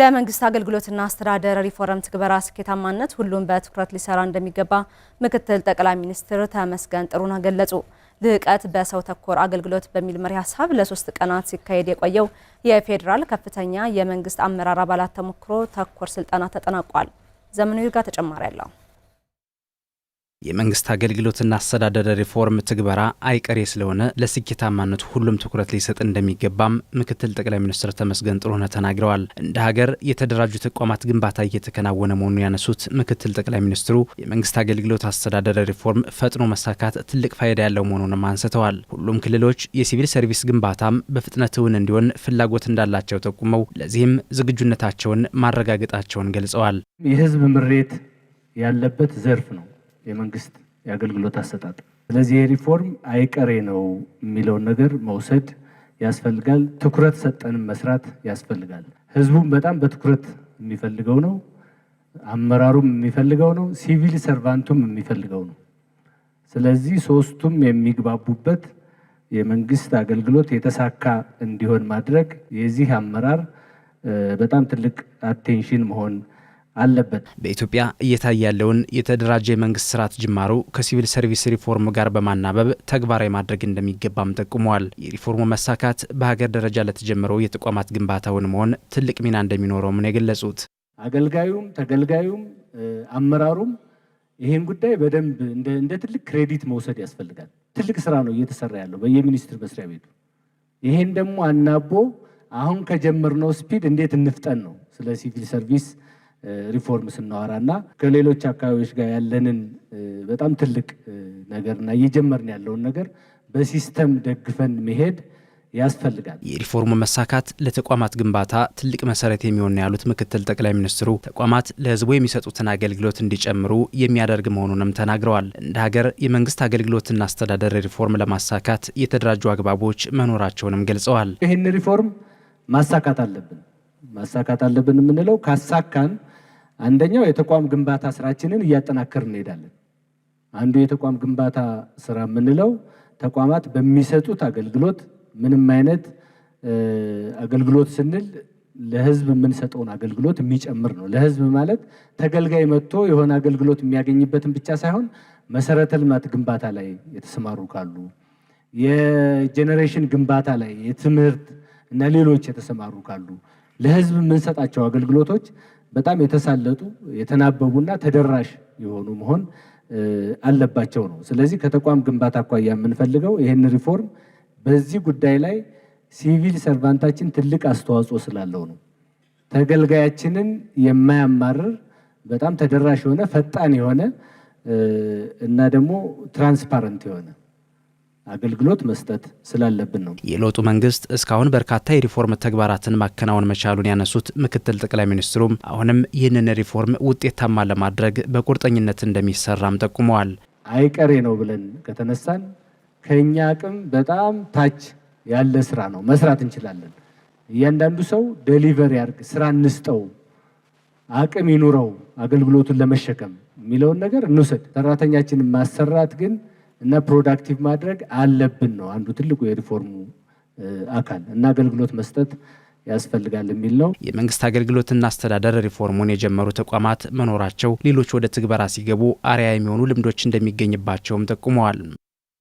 ለመንግስት አገልግሎትና አስተዳደር ሪፎርም ትግበራ ስኬታማነት ሁሉም በትኩረት ሊሰራ እንደሚገባ ምክትል ጠቅላይ ሚኒስትር ተመስገን ጥሩነህ ገለጹ። ልዕቀት በሰው ተኮር አገልግሎት በሚል መሪ ሀሳብ ለሶስት ቀናት ሲካሄድ የቆየው የፌዴራል ከፍተኛ የመንግስት አመራር አባላት ተሞክሮ ተኮር ስልጠና ተጠናቋል። ዘመኑ ይርጋ ተጨማሪ አለው። የመንግስት አገልግሎትና አስተዳደር ሪፎርም ትግበራ አይቀሬ ስለሆነ ለስኬታማነቱ ሁሉም ትኩረት ሊሰጥ እንደሚገባም ምክትል ጠቅላይ ሚኒስትር ተመስገን ጥሩነህ ተናግረዋል። እንደ ሀገር የተደራጁ ተቋማት ግንባታ እየተከናወነ መሆኑን ያነሱት ምክትል ጠቅላይ ሚኒስትሩ የመንግስት አገልግሎት አስተዳደር ሪፎርም ፈጥኖ መሳካት ትልቅ ፋይዳ ያለው መሆኑንም አንስተዋል። ሁሉም ክልሎች የሲቪል ሰርቪስ ግንባታም በፍጥነት እውን እንዲሆን ፍላጎት እንዳላቸው ጠቁመው ለዚህም ዝግጁነታቸውን ማረጋገጣቸውን ገልጸዋል። የህዝብ ምሬት ያለበት ዘርፍ ነው የመንግስት የአገልግሎት አሰጣጥ። ስለዚህ የሪፎርም አይቀሬ ነው የሚለውን ነገር መውሰድ ያስፈልጋል። ትኩረት ሰጠንም መስራት ያስፈልጋል። ህዝቡም በጣም በትኩረት የሚፈልገው ነው። አመራሩም የሚፈልገው ነው። ሲቪል ሰርቫንቱም የሚፈልገው ነው። ስለዚህ ሶስቱም የሚግባቡበት የመንግስት አገልግሎት የተሳካ እንዲሆን ማድረግ የዚህ አመራር በጣም ትልቅ አቴንሽን መሆን አለበት። በኢትዮጵያ እየታየ ያለውን የተደራጀ የመንግስት ስርዓት ጅማሮ ከሲቪል ሰርቪስ ሪፎርም ጋር በማናበብ ተግባራዊ ማድረግ እንደሚገባም ጠቁመዋል። የሪፎርሙ መሳካት በሀገር ደረጃ ለተጀመረው የተቋማት ግንባታውን መሆን ትልቅ ሚና እንደሚኖረውም ነው የገለጹት። አገልጋዩም ተገልጋዩም አመራሩም ይህን ጉዳይ በደንብ እንደ ትልቅ ክሬዲት መውሰድ ያስፈልጋል። ትልቅ ስራ ነው እየተሰራ ያለው በየሚኒስትር መስሪያ ቤቱ። ይሄን ደግሞ አናቦ አሁን ከጀመርነው ስፒድ እንዴት እንፍጠን ነው ስለ ሲቪል ሰርቪስ ሪፎርም ስናወራ እና ከሌሎች አካባቢዎች ጋር ያለንን በጣም ትልቅ ነገር እና እየጀመርን ያለውን ነገር በሲስተም ደግፈን መሄድ ያስፈልጋል። የሪፎርሙ መሳካት ለተቋማት ግንባታ ትልቅ መሰረት የሚሆን ያሉት ምክትል ጠቅላይ ሚኒስትሩ ተቋማት ለሕዝቡ የሚሰጡትን አገልግሎት እንዲጨምሩ የሚያደርግ መሆኑንም ተናግረዋል። እንደ ሀገር የመንግስት አገልግሎትና አስተዳደር ሪፎርም ለማሳካት የተደራጁ አግባቦች መኖራቸውንም ገልጸዋል። ይህን ሪፎርም ማሳካት አለብን ማሳካት አለብን የምንለው ካሳካን አንደኛው የተቋም ግንባታ ስራችንን እያጠናከር እንሄዳለን። አንዱ የተቋም ግንባታ ስራ የምንለው ተቋማት በሚሰጡት አገልግሎት ምንም አይነት አገልግሎት ስንል ለህዝብ የምንሰጠውን አገልግሎት የሚጨምር ነው። ለህዝብ ማለት ተገልጋይ መጥቶ የሆነ አገልግሎት የሚያገኝበትን ብቻ ሳይሆን መሰረተ ልማት ግንባታ ላይ የተሰማሩ ካሉ፣ የጄኔሬሽን ግንባታ ላይ፣ የትምህርት እና ሌሎች የተሰማሩ ካሉ ለህዝብ የምንሰጣቸው አገልግሎቶች በጣም የተሳለጡ የተናበቡና ተደራሽ የሆኑ መሆን አለባቸው ነው። ስለዚህ ከተቋም ግንባታ አኳያ የምንፈልገው ይህን ሪፎርም በዚህ ጉዳይ ላይ ሲቪል ሰርቫንታችን ትልቅ አስተዋጽኦ ስላለው ነው። ተገልጋያችንን የማያማርር በጣም ተደራሽ የሆነ ፈጣን የሆነ እና ደግሞ ትራንስፓረንት የሆነ አገልግሎት መስጠት ስላለብን ነው። የለውጡ መንግስት እስካሁን በርካታ የሪፎርም ተግባራትን ማከናወን መቻሉን ያነሱት ምክትል ጠቅላይ ሚኒስትሩም አሁንም ይህንን ሪፎርም ውጤታማ ለማድረግ በቁርጠኝነት እንደሚሰራም ጠቁመዋል። አይቀሬ ነው ብለን ከተነሳን ከእኛ አቅም በጣም ታች ያለ ስራ ነው መስራት እንችላለን። እያንዳንዱ ሰው ደሊቨር ያርግ፣ ስራ እንስጠው፣ አቅም ይኑረው አገልግሎቱን ለመሸከም የሚለውን ነገር እንውሰድ። ሰራተኛችንን ማሰራት ግን እና ፕሮዳክቲቭ ማድረግ አለብን ነው አንዱ ትልቁ የሪፎርሙ አካል እና አገልግሎት መስጠት ያስፈልጋል የሚል ነው። የመንግስት አገልግሎትና አስተዳደር ሪፎርሙን የጀመሩ ተቋማት መኖራቸው ሌሎች ወደ ትግበራ ሲገቡ አርያ የሚሆኑ ልምዶች እንደሚገኝባቸውም ጠቁመዋል።